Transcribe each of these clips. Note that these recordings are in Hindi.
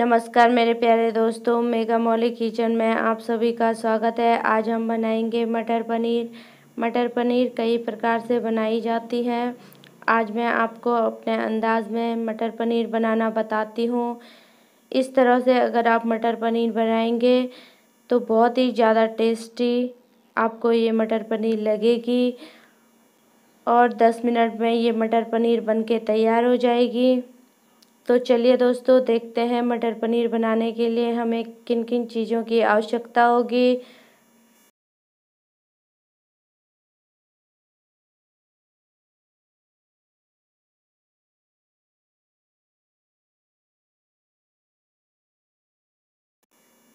नमस्कार मेरे प्यारे दोस्तों मेगा मौली किचन में आप सभी का स्वागत है आज हम बनाएंगे मटर पनीर मटर पनीर कई प्रकार से बनाई जाती है आज मैं आपको अपने अंदाज में मटर पनीर बनाना बताती हूँ इस तरह से अगर आप मटर पनीर बनाएंगे तो बहुत ही ज़्यादा टेस्टी आपको ये मटर पनीर लगेगी और 10 मिनट में ये मटर पनीर बनके तैयार हो जाएगी तो चलिए दोस्तों देखते हैं मटर पनीर बनाने के लिए हमें किन किन चीज़ों की आवश्यकता होगी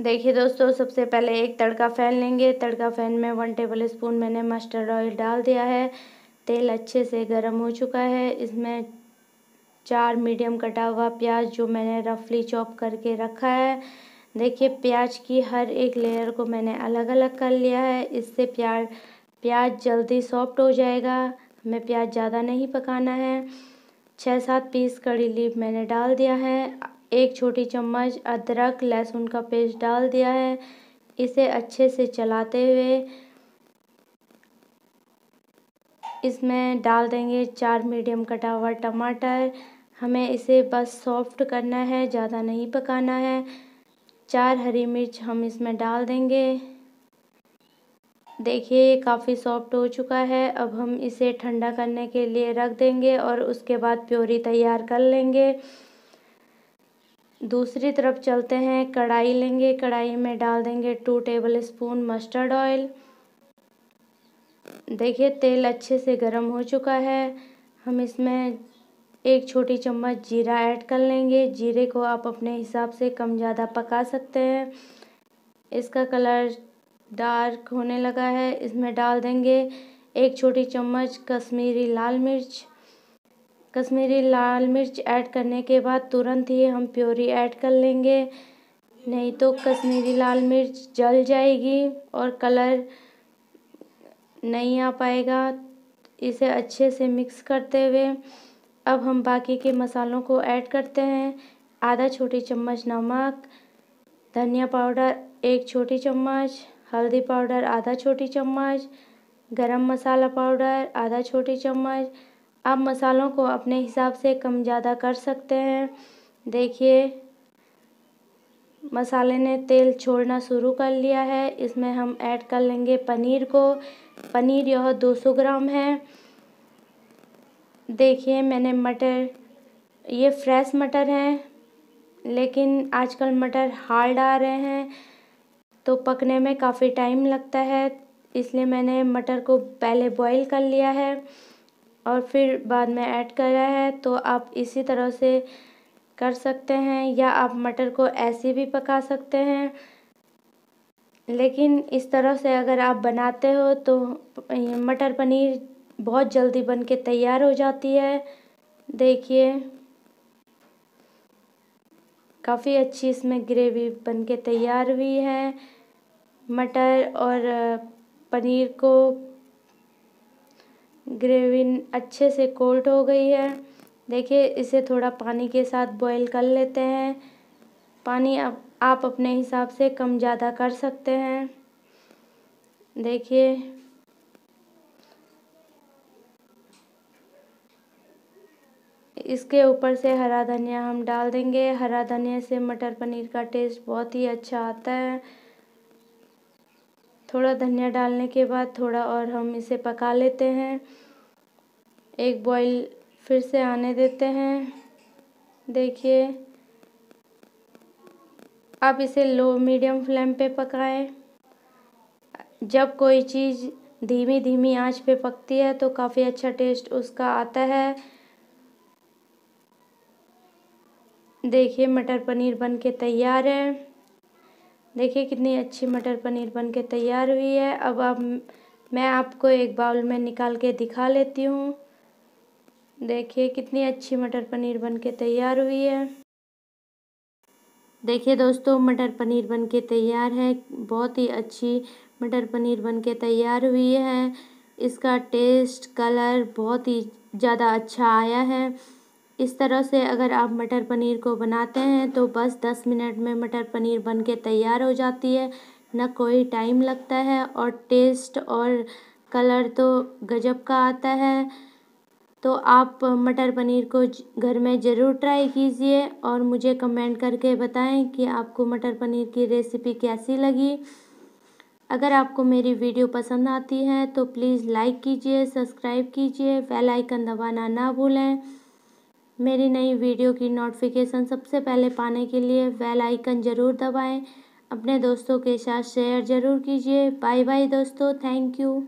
देखिए दोस्तों सबसे पहले एक तड़का फैन लेंगे तड़का फैन में वन टेबल स्पून मैंने मस्टर्ड ऑयल डाल दिया है तेल अच्छे से गर्म हो चुका है इसमें चार मीडियम कटा हुआ प्याज जो मैंने रफली चॉप करके रखा है देखिए प्याज की हर एक लेयर को मैंने अलग अलग कर लिया है इससे प्याज प्याज जल्दी सॉफ्ट हो जाएगा हमें प्याज ज़्यादा नहीं पकाना है छः सात पीस कड़ी लीप मैंने डाल दिया है एक छोटी चम्मच अदरक लहसुन का पेस्ट डाल दिया है इसे अच्छे से चलाते हुए इसमें डाल देंगे चार मीडियम कटा हुआ टमाटर हमें इसे बस सॉफ्ट करना है ज़्यादा नहीं पकाना है चार हरी मिर्च हम इसमें डाल देंगे देखिए काफ़ी सॉफ्ट हो चुका है अब हम इसे ठंडा करने के लिए रख देंगे और उसके बाद प्योरी तैयार कर लेंगे दूसरी तरफ चलते हैं कढ़ाई लेंगे कढ़ाई में डाल देंगे two tablespoon mustard oil देखिए तेल अच्छे से गर्म हो चुका है हम इसमें एक छोटी चम्मच जीरा ऐड कर लेंगे जीरे को आप अपने हिसाब से कम ज़्यादा पका सकते हैं इसका कलर डार्क होने लगा है इसमें डाल देंगे एक छोटी चम्मच कश्मीरी लाल मिर्च कश्मीरी लाल मिर्च ऐड करने के बाद तुरंत ही हम प्योरी ऐड कर लेंगे नहीं तो कश्मीरी लाल मिर्च जल जाएगी और कलर नहीं आ पाएगा इसे अच्छे से मिक्स करते हुए अब हम बाकी के मसालों को ऐड करते हैं आधा छोटी चम्मच नमक धनिया पाउडर एक छोटी चम्मच हल्दी पाउडर आधा छोटी चम्मच गरम मसाला पाउडर आधा छोटी चम्मच आप मसालों को अपने हिसाब से कम ज़्यादा कर सकते हैं देखिए मसाले ने तेल छोड़ना शुरू कर लिया है इसमें हम ऐड कर लेंगे पनीर को पनीर यह 200 ग्राम है देखिए मैंने मटर ये फ्रेश मटर हैं लेकिन आजकल मटर हार्ड आ रहे हैं तो पकने में काफ़ी टाइम लगता है इसलिए मैंने मटर को पहले बॉईल कर लिया है और फिर बाद में ऐड करा है तो आप इसी तरह से कर सकते हैं या आप मटर को ऐसे भी पका सकते हैं लेकिन इस तरह से अगर आप बनाते हो तो मटर पनीर बहुत जल्दी बन के तैयार हो जाती है देखिए काफ़ी अच्छी इसमें ग्रेवी बन के तैयार हुई है मटर और पनीर को ग्रेवी अच्छे से कोल्ड हो गई है देखिए इसे थोड़ा पानी के साथ बॉईल कर लेते हैं पानी आप, आप अपने हिसाब से कम ज़्यादा कर सकते हैं देखिए इसके ऊपर से हरा धनिया हम डाल देंगे हरा धनिया से मटर पनीर का टेस्ट बहुत ही अच्छा आता है थोड़ा धनिया डालने के बाद थोड़ा और हम इसे पका लेते हैं एक बॉईल फिर से आने देते हैं देखिए आप इसे लो मीडियम फ्लेम पे पकाएं जब कोई चीज़ धीमी धीमी आंच पे पकती है तो काफ़ी अच्छा टेस्ट उसका आता है देखिए मटर पनीर बन के तैयार है देखिए कितनी अच्छी मटर पनीर बन के तैयार हुई है अब आप मैं आपको एक बाउल में निकाल के दिखा लेती हूँ देखिए कितनी अच्छी मटर पनीर बन के तैयार हुई है देखिए दोस्तों मटर पनीर बन के तैयार है बहुत ही अच्छी मटर पनीर बन के तैयार हुई है इसका टेस्ट कलर बहुत ही ज़्यादा अच्छा आया है इस तरह से अगर आप मटर पनीर को बनाते हैं तो बस दस मिनट में मटर पनीर बन के तैयार हो जाती है न कोई टाइम लगता है और टेस्ट और कलर तो गजब का आता है तो आप मटर पनीर को घर में ज़रूर ट्राई कीजिए और मुझे कमेंट करके बताएं कि आपको मटर पनीर की रेसिपी कैसी लगी अगर आपको मेरी वीडियो पसंद आती है तो प्लीज़ लाइक कीजिए सब्सक्राइब कीजिए बेल आइकन दबाना ना भूलें मेरी नई वीडियो की नोटिफिकेशन सबसे पहले पाने के लिए वेल आइकन ज़रूर दबाएं अपने दोस्तों के साथ शेयर ज़रूर कीजिए बाय बाय दोस्तों थैंक यू